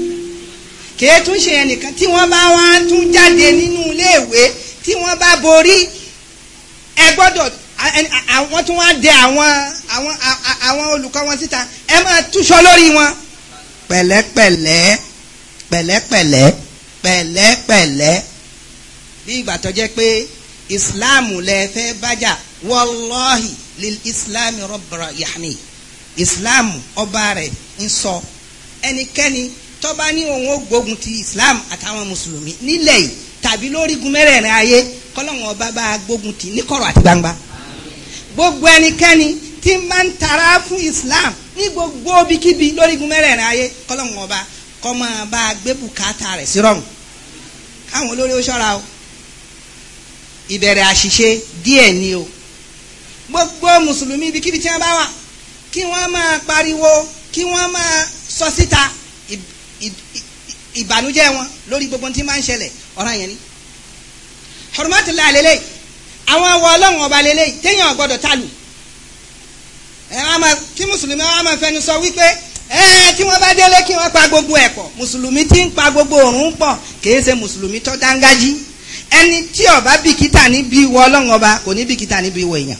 kèétún ṣèyàn nìkan tí wọ́n bá wá tún jáde nínú iléèwé tí wọ́n bá borí ẹ gbọ́dọ̀ àwọn tún wá dẹ àwọn àwọn àwọn olùkọ́ wọn síta ẹ máa túṣọ lórí wọn pẹ̀lẹ́pẹ̀lẹ́. pẹ̀lẹ́pẹ̀lẹ́ pẹ̀lẹ́pẹ̀lẹ́ bí ìgbà tó jẹ́ pé islam lẹ fẹ́ bájà wọlọ́hì lil islam rọ́bàrà yàní islam ọba rẹ̀ ń sọ ẹnikẹ́ni tó ní òun ó gbógun ti islam àtàwọn mùsùlùmí nílẹ̀ yìí tàbí lórígun mẹ́rẹ̀ẹ̀rin ayé kọ́lọ́wọ́n ọba bá gbógun ti ní kọ̀rọ̀ àti gbangba gbogbo ẹnikẹ́ni tí máa ń tara fún islam ní gbogbo bíkíbi lórígun mẹ́rẹ̀ẹ̀rin ayé ọba kọ́ bá a gbé bùkátà rẹ̀ sí rọrùn káwọn olórí ó ṣọ́ra o ìbẹ̀rẹ̀ àṣìṣe díẹ̀ ni o gbogbo mùsùlùmí ibikíbi tí wọ́n bá wà kí wọ́n máa pariwo kí wọ́n máa sọ síta ìbànújẹ́ wọn lórí gbogbo tí máa ń ṣẹlẹ̀ ọ̀ràn yẹn ni hurmatullah àlélẹ́ àwọn ọwọ́ ọlọ́run ọba lélẹ́ téèyàn gbọ́dọ̀ tálù ẹ̀ kí mùsùlùmí wọ́n máa fẹnu sọ wípé ẹ tí wọ́n bá délé kí wọ́n pa gbogbo ẹ̀ pọ̀ mùsùlùmí tí ń pa gbogbo òrùn pọ̀ kìí ṣe mùsùlùmí tó dángájí ẹni tí ó bá bìkítà níbi ìwọ ọlọ́run ọba kò ní bìkítà níbi ìwọ èèyàn.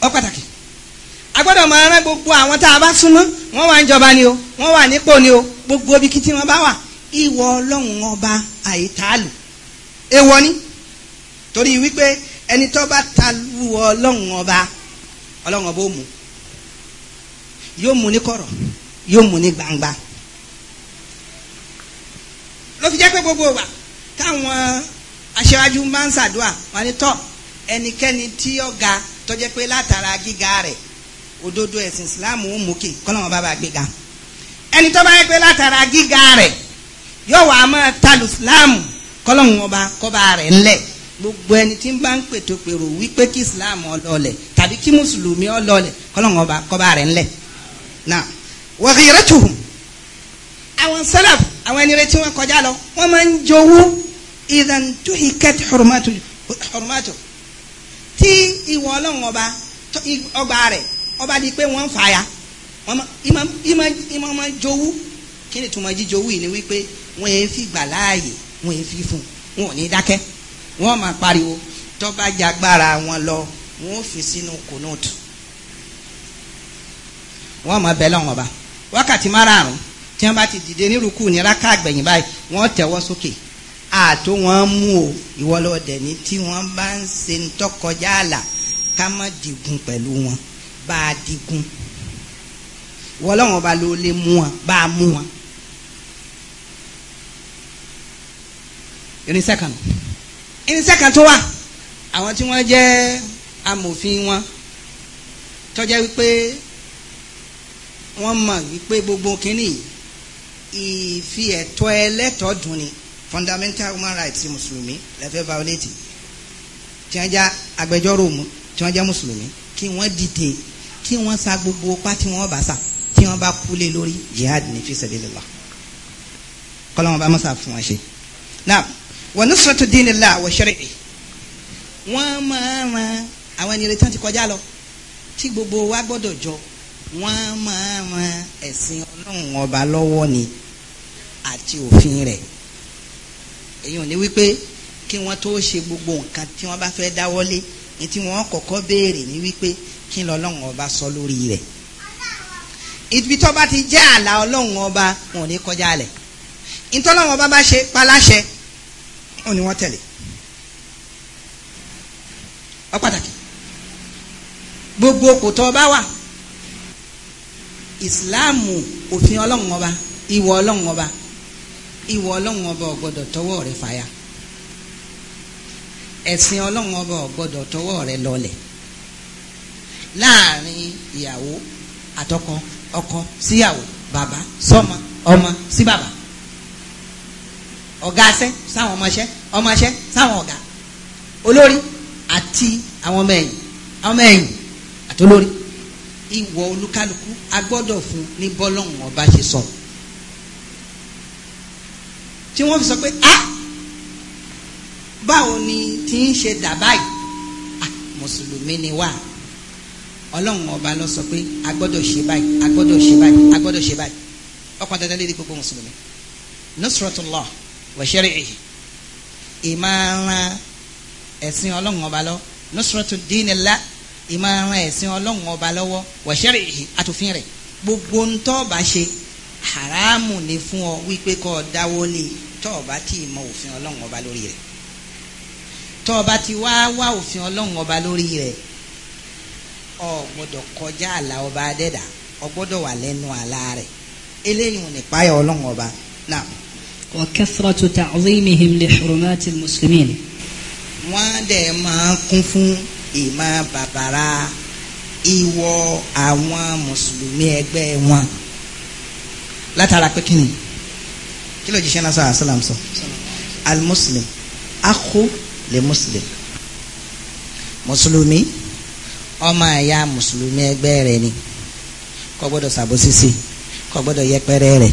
ó pàtàkì a gbọ́dọ̀ máa rán gbogbo àwọn tá a bá súnmọ́ wọ́n wà níjọba ni o wọ́n wà nípò ni o gbogbo ibikí tí wọ́n bá wà ìwọ ọlọ́run ọba àìtàlù èèwọ̀ ni torí wípé ẹni tó bá ta lù ọlọ́run ọba ọlọ́run ọba ó mú yóò mú ní kọ̀rọ̀ yóò mú ní gbangba ló fi jẹ́ pé gbogbo wa táwọn aṣáájú máa ń ṣàdúrà wọn ni tọ́ ẹnikẹ́ni tí ó ga tó jẹ́ pé látara gíga rẹ̀ òdodo ẹ̀sìn islam ó mú kí kọ́lọ́wọ́n bá bá gbé ga ẹni tó bá yẹ pé látara gíga rẹ̀ yóò wá máa talu islam kọ́lọ́wọ́n ọba kọ́ba rẹ̀ ńlẹ̀ gbogbo ẹni tí ń bá ń pètò wípé kí islam ọlọ́ọ̀lẹ̀ tàbí kí mùsùlùmí ọ lọlẹ̀ kọ́lọ́n ọba kọ́ba rẹ̀ ńlẹ̀ náà wa ghiratuhum àwọn sálàf àwọn ẹni retí wọn kọjá lọ wọn máa ń jowú idhan tuhikat hurumatu hurumatu tí ìwọ ọlọ́run ọba ọgbà rẹ̀ ọba di pé wọ́n ń fàya ìmọ̀ máa jowú kí ni tùmọ̀ jíjowú yìí ni wípé wọ́n yẹn fi gbà láàyè wọ́n yẹn fi fún wọn ò ní dákẹ́ wọ́n máa pariwo tó jagbára wọn lọ wọ́n fi sínú kùnúùtù wọ́n máa bẹ̀ lọ́wọ́n ọba wákàtí márààrún tí wọ́n bá ti dìde nírúkú ní rákà àgbẹ̀yìn báyìí wọ́n tẹ̀wọ́ sókè àtó wọ́n mú o ìwọlọ́dẹ̀ ní tí wọ́n bá ń ṣe ń tọkọjá àlà ká má digun pẹ̀lú wọn bá a digun wọ́lọ́wọ́n ọba ló lè mú wọn bá a mú wọn. irinṣẹ́ kan irinṣẹ́ kan tó wà àwọn tí wọ́n jẹ́ amòfin wọn tó jẹ́ wípé wọ́n mọ̀ wípé gbogbo kínní ìfi ẹ̀tọ́ ẹlẹ́tọ̀ọ́ dùn fundamental human rights mùsùlùmí lẹ́fẹ́ violate tí wọ́n já agbẹjọ́rò mu tí wọ́n já mùsùlùmí kí wọ́n dìde kí wọ́n sa gbogbo pa tí wọ́n bá sa tí wọ́n bá kú lé lórí jihad ní fi sabilillah kọ́lọ́wọ́n bá mọ́sá fún wọn ṣe. now wa nusratu dinillah wa shar'i wọ́n máa ran àwọn ẹni retán ti kọjá lọ tí gbogbo wa gbọ́dọ̀ jọ wọ́n máa ran ẹ̀sìn ọlọ́run ọba lọ́wọ́ ni àti òfin rẹ̀ èyí ò ní wípé kí wọ́n tó ṣe gbogbo nǹkan tí wọ́n bá fẹ́ dáwọ́lé ní tí wọ́n kọ́kọ́ béèrè ní wípé kí lọ́lọ́run ọba sọ lórí rẹ̀ ibi tó bá ti jẹ́ àlà ọlọ́run ọba wọn ò ní kọjá alẹ̀ ìtọ́lọ́run ọba bá ṣe paláṣẹ wọn ni wọ́n tẹ̀lé ọ pàtàkì gbogbo kò tọ́ bá wà ìsìláàmù òfin ọlọ́run ọba ìwọ ọlọ́run ọba ìwọ ọlọ́run ọba ọ̀gbọ́dọ̀ tọwọ́ rẹ fàyà ẹ̀sìn ọlọ́run ọba ọ̀gbọ́dọ̀ tọwọ́ rẹ lọlẹ̀ láàrin ìyàwó àtọkọ ọkọ síyàwó bàbá sọmọ ọmọ sí bàbá ọ̀gá asẹ́ sáwọn ọmọọṣẹ́ ọmọọṣẹ́ sáwọn ọ̀gá olórí àti àwọn ọmọ ẹ̀yìn àwọn ọmọ ẹ̀yìn àtolórí ìwọ olúkálukú a gbọ́dọ̀ fún ní bọ́lọ́hùn ọba ṣe sọ tí wọ́n fi sọ pé a ah! báwo ni tí ń ṣe dà báyìí ah, mùsùlùmí ni wà ọlọ́run ọba ló sọ pé a gbọ́dọ̀ ṣe báyìí a gbọ́dọ̀ ṣe báyìí a gbọ́dọ̀ ṣe báyìí ọkàn dandan lédi gbogbo mùsùlùmí nusratullah wa shari'ihi ìmọ̀ ẹ̀sìn ọlọ́run ọba lọ nusratu dinillah ìmọ̀ràn ẹ̀sìn ọlọ́run ọba lọ́wọ́ wọ̀ṣẹ́rì àtòfin rẹ̀ gbogbo ń tọ́ bá ṣe haramu ni fún ọ wípé kọ́ ọ dáwọ́ lé e tọ́ ọ bá tí ì mọ òfin ọlọ́run ọba lórí rẹ̀ tọ́ ọ bá ti wá wá òfin ọlọ́run ọba lórí rẹ̀ ọ gbọ́dọ̀ kọjá àlà ọba adẹ́dà ọ gbọ́dọ̀ wà lẹ́nu àlà rẹ̀ eléyìí ò ní ọlọ́run ọba náà. wa kathratu ta'zimihim li hurumati al-muslimin. wọ́n dẹ̀ máa kún fún ìmọ̀ bàbàrà ìwọ àwọn mùsùlùmí ẹgbẹ́ wọn látara pé kíni kí ló jíṣẹ́ náà sọ àṣàlám sọ almuslim akhu lè muslim mùsùlùmí ọmọ ẹ̀yà mùsùlùmí ẹgbẹ́ rẹ̀ ni kò gbọ́dọ̀ sàbòsísì kò gbọ́dọ̀ yẹpẹrẹ rẹ̀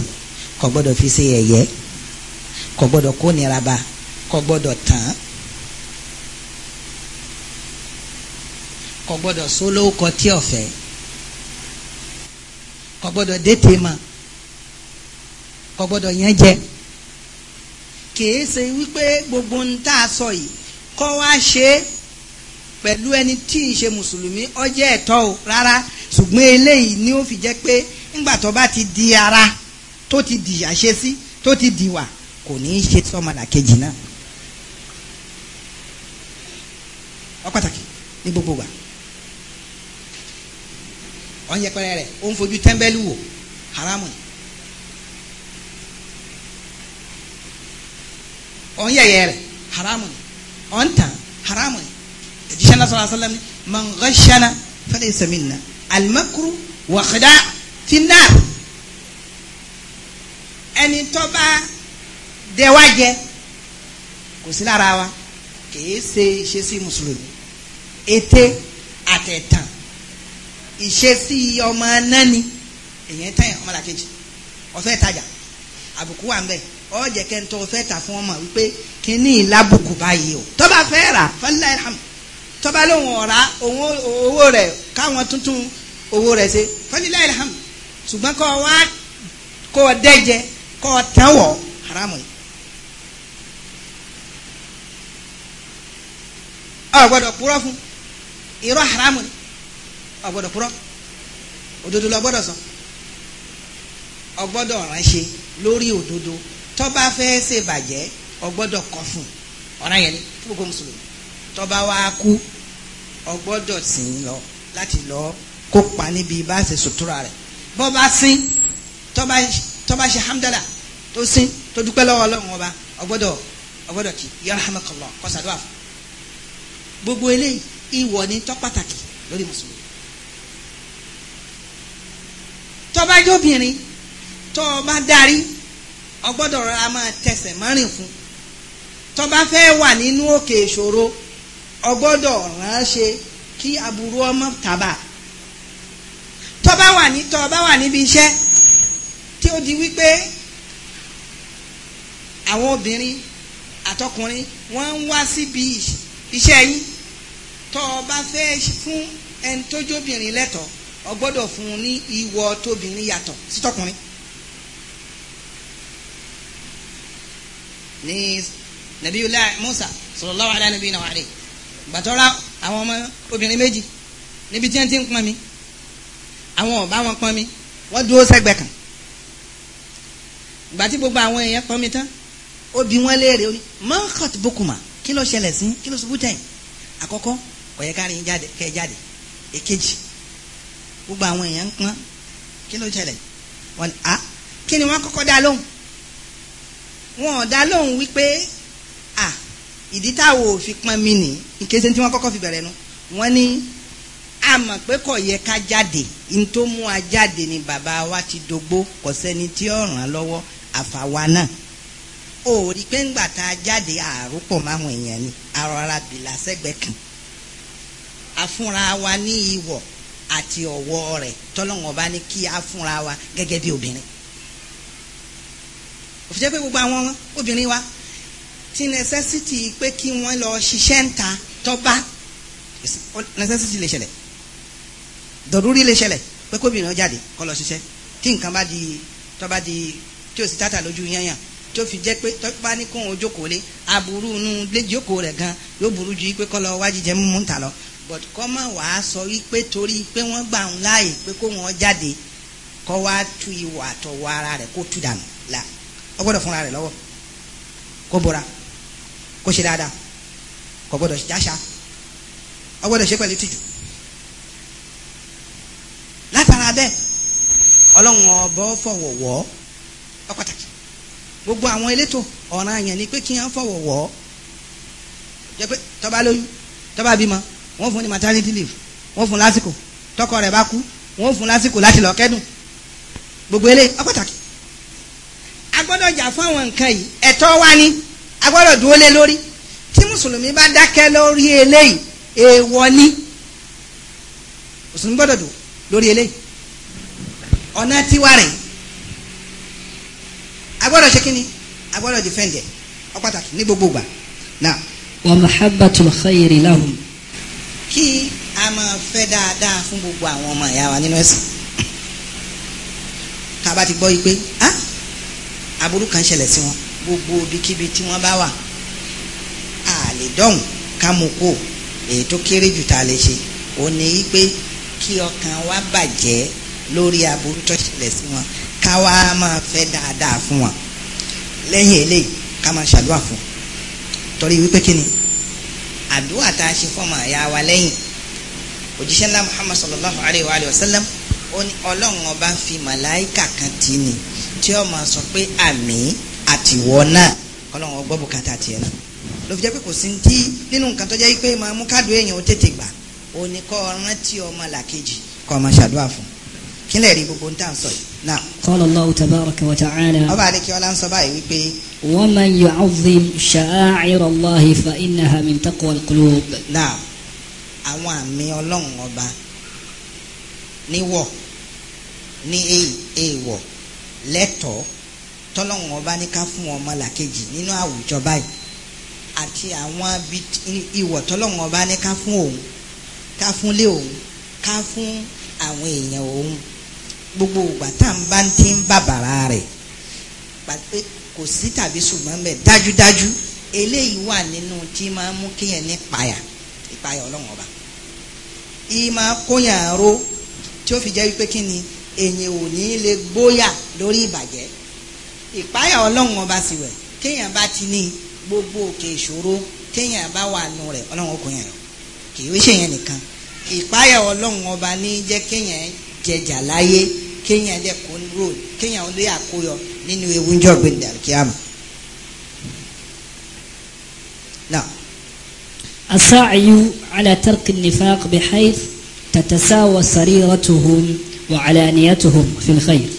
kò gbọ́dọ̀ fi ṣe ẹ̀yẹ kò gbọ́dọ̀ kó nira bá kò gbọ́dọ̀ tàn kò gbọ́dọ̀ sólóòkọ tí ọ̀fẹ́ kò gbọ́dọ̀ dẹ́tẹ̀ mọ́ kò gbọ́dọ̀ yẹn jẹ kìí ṣe wípé gbogbo ń tá a sọ yìí kọ́ wá ṣe pẹ̀lú ẹni tí ì ṣe mùsùlùmí ọjẹ́ ẹ̀tọ́ o rárá ṣùgbọ́n eléyìí ni ó fi jẹ́ pé ńgbà tó bá ti di ara tó ti dìyà ṣe sí tó ti dìwà kò ní í ṣe sọmọlàkejì náà ọ pàtàkì ní gbogbo wa ọ̀n yẹ pẹrẹ rẹ ó ń fojú tẹ́ḿbẹ́lú wò haramu ni ọ̀n yẹyẹ rẹ haramu ni ọ̀n tàn haramu ni ẹ̀jíṣẹ́ náà sọ̀rọ̀ àṣàlẹ̀ ni man ghashana falaysa minna alimakuru wa khida ẹni tó bá kò sí lára wa kì í ṣe ìṣesí mùsùlùmí ète àtẹ̀tàn ìṣesí ọmọ nání èyàn tẹ̀yàn ọmọ làkejì ọ̀fẹ́ tajà àbùkù wà ń bẹ̀ ọ̀jẹ̀ kẹ́ńtọ́ ọ̀fẹ́ tà fún ọmọ wípé kínní ìlàbùkù báyìí o tọ́ba fẹ́ rà fọlá ìlàmù tọ́ba lóun ọ̀rá owó rẹ̀ káwọn tuntun owó rẹ̀ ṣe fọlá ìlàmù ṣùgbọ́n kọ́ wá kọ́ dẹ́jẹ kọ́ tẹ́wọ̀ haramu yìí. ọ̀ gbọ́dọ̀ purọ́ fún irọ́ haramu ni agbọ́dọ̀ purọ́ òdodo la gbọ́dọ̀ sọ ọgbọ́dọ̀ ránṣẹ́ lórí òdodo tó bá fẹ́ ṣe bàjẹ́ ọgbọ́dọ̀ kọ fún ọ̀ràn yẹn ni fún gbogbo mùsùlùmí tó bá wá kú ọgbọ́dọ̀ sìn lọ láti lọ kópa níbi bá ṣe sùtúrà rẹ̀ bọ́ bá sín tó bá ṣe hamdala tó sín tó dúpẹ́ lọ́wọ́ ọlọ́run ọba ọgbọ́dọ̀ ọgbọ́dọ̀ kì yarhamakallah kọ́sàdúrà fún gbogbo eléyìí ìwọ ni tó pàtàkì lórí mùsùlùmí. jọbìnrin tó o bá darí o gbọ́dọ̀ rọra máa tẹsẹ̀ mọ́rìn fún tó o bá fẹ́ wà nínú òkè ìṣòro o gbọ́dọ̀ ránṣẹ́ kí aburú ọmọ tàbá tó o bá wà ní tó o bá wà níbi iṣẹ́ tí ó di wípé àwọn obìnrin àtọkùnrin wọ́n ń wá síbi iṣẹ́ yín tó o bá fẹ́ fún ẹni tó jóbìnrin lẹ́tọ̀ọ́ ọ gbọ́dọ̀ fún un ní ìwọ tóbìnrin yàtọ̀ sí tọkùnrin. ní nabiyullah musa sallallahu alaihi nabiyina wa alaihi gbàtọ́ra àwọn ọmọ obìnrin méjì níbi tí wọ́n ti ń pọn mi àwọn ọba wọn pọn mi wọ́n dúró sẹ́gbẹ̀ẹ́ kan gbàtí gbogbo àwọn èèyàn pọn mi tán ó bi léèrè oní mọ́kàt bókùmá kí ló ṣẹlẹ̀ sí kí ló ṣubú tẹ̀yìn àkọ́kọ́ kò yẹ jáde kẹ́ jáde èkejì gbogbo àwọn èèyàn ń pọ́n kí ló ṣẹlẹ̀ wọ́n á kí ni wọ́n kọ́kọ́ dá lóhùn wọn ò dá lóhùn wípé à ìdí táwọn ò fi pọn mi nì ìkéṣe tí wọ́n kọ́kọ́ fi bẹ̀rẹ̀ nu wọ́n ní a mọ̀ pé kò yẹ ká jáde n tó mú a jáde ni bàbá wa ti dogbo kò sẹ́ni tí ó ràn án lọ́wọ́ àfàwa náà ó rí pé ńgbà tá a jáde àròpọ̀ máwọn èèyàn ni arọra bìlà sẹ́gbẹ̀ẹ́ kan àfúnra wa ní ìwọ̀ àti ọ̀wọ́ rẹ̀ tọ́lọ́wọ́n bá ní kí á fúnra wa gẹ́gẹ́ bí obìnrin òfin pé gbogbo àwọn obìnrin wa ti necessity pé kí wọ́n lọ ṣiṣẹ́ ń ta tọ́ba necessity lè ṣẹlẹ̀ dọ̀rúrí lè ṣẹlẹ̀ pé kóbìnrin ó jáde kó lọ ṣiṣẹ́ tí nǹkan bá di tọ́ba di tí o sì tata lójú yányàn tí o fi jẹ́ pé tọ́ba ní kóhun ojókòó lé aburú inú lé jókòó gan yóò burú ju pé kó lọ wá mímú ń ta lọ but kọ́mọ̀ wàá sọ wípé torí pé wọ́n gbà ń láàyè pé kó wọ́n jáde kọ́ wá tú ìwà àtọwọ́ ara rẹ̀ kó tú dànù la ọ gbọ́dọ̀ fúnra rẹ̀ lọ́wọ́ kó bora kó ṣe dáadáa kò gbọ́dọ̀ jáṣà ọ gbọ́dọ̀ ṣe pẹ̀lú tìjú látara bẹ́ẹ̀ ọlọ́run ọbọ̀ fọwọ́ pàtàkì gbogbo àwọn elétò ọ̀ràn yẹn ni pé kí wọ́n fọwọ́ wọ́ jẹ́ pé tọ́ba lóyún tọ́ba bímọ wọ́n fún ní maternity leave wọ́n fún lásìkò tọkọ rẹ̀ bá kú wọ́n fún lásìkò láti lọ kẹ́dùn gbogbo eléyìí ó pàtàkì a gbọ́dọ̀ jà fún àwọn nǹkan yìí ẹ̀tọ́ wa ni a gbọ́dọ̀ dúró lé lórí tí mùsùlùmí bá dákẹ́ lórí eléyìí èèwọ̀ ni mùsùlùmí gbọ́dọ̀ dùn lórí eléyìí ọ̀nà tiwa rẹ̀ a gbọ́dọ̀ ṣe kínni a gbọ́dọ̀ defend ẹ̀ pàtàkì ní gbogbo gbà náà. wa mahabbatul khayri lahum kí a máa fẹ́ dáadáa fún gbogbo àwọn ọmọ ìyá wa nínú ẹ̀sìn ká bá ti gbọ́ yìí pé aburú kan ṣẹlẹ̀ sí wọn gbogbo ibikíbi tí wọ́n bá wà á lè dọ̀hùn ká mú kó èyí tó kéré jù tá a lè ṣe ò ní í pé kí ọkàn wa bàjẹ́ lórí aburú tó ṣẹlẹ̀ sí wọn ká wá máa fẹ́ dáadáa fún wọn lẹ́yìn eléyìí ká máa ṣàdúrà fún torí wípé kí ni àdúrà tá a ṣe fọmọ àyà wa lẹ́yìn òjíṣẹ́ ńlá muhammad sallallahu alayhi wa alayhi wa sallam ó ní ọlọ́run ọba fi màláìkà kan tì ní tí ó máa sọ pé àmì àtiwọ́ náà ọlọ́run ọgbọ́ bùkátà tiẹ̀ náà ló fi jẹ́ pé kò sí ti nínú nǹkan tó jẹ́ pé máa mú kádùn èèyàn ó tètè gbà ó kọ́ ọ rántí ọmọ làkejì kọ́ ọ máa ṣàdúrà fún un kí lè rí gbogbo ní tàn yìí náà. wa ta'ala. ọba àdékí ọlá ń báyìí wípé. wa man yu'azzim sha'a'ira Allahi fa ha min taqwa al-qulub. náà àwọn àmì ọlọ́run ọba níwọ̀ ní lẹ́tọ̀ọ́ tọ́lọ́run ọba ní ká fún ọmọ làkejì nínú àwùjọ báyìí àti àwọn ìwọ̀ tọ́lọ́run ọba ní ká fún òun ká fún gbogbo ìgbà tá à ń bá ti ń bàbàrà rẹ̀ pàṣẹ kò sí tàbí ṣùgbọ́n bẹ́ẹ̀ dájúdájú eléyìí wà nínú tí máa mú kéèyàn ní ìpayà ìpayà ọlọ́run ọba ìyí máa kóyàn àró tí ó fi jẹ́ wípé kí ni èyàn ò ní lè gbóyà lórí ìbàjẹ́ ìpayà ọlọ́run ọba sì wẹ̀ kéèyàn bá ti ní gbogbo òkè ìṣòro téèyàn bá wà nù rẹ̀ ọlọ́run ọkùnrin rẹ̀ kì í ṣèyàn nìkan ìpayà ọlọ́run ọba ní jẹ́ kéèyàn jẹjà láyé kéèyàn lè kó rò kéèyàn lè àkóyọ nínú ewu ń jọ̀gbìn ní àríkíyàmù. السعي على ترك النفاق بحيث تتساوى سريرتهم وعلانيتهم في الخير